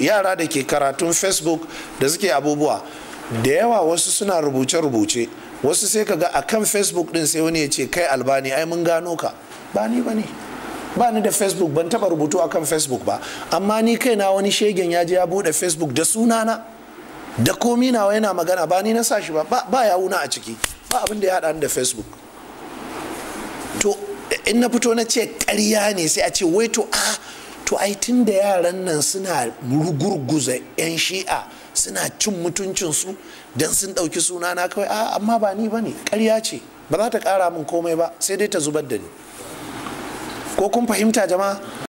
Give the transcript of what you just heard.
yara da ke karatun facebook da suke abubuwa da yawa wasu suna rubuce-rubuce wasu sai ka ga a kan facebook din sai wani ya ce kai albani ai mun gano ka ba ni ba ba ni da facebook ban taba rubutu a kan facebook ba amma ni kaina wani shegen ya je ya bude facebook da sunana da komi nawa yana magana ba ni na sa shi ba ba ya wuna a ciki ba abin da ya haɗa ni da facebook to in na fito na ce karya ne sai a ce wai to a ah, to ai tun da yaran nan suna gurguza 'yan shi'a suna cin mutuncinsu don sun ɗauki sunana kawai a amma ba ni ba ne ƙarya ce ba za ta ƙara min komai ba sai dai ta zubar da ni ko kun fahimta jama'a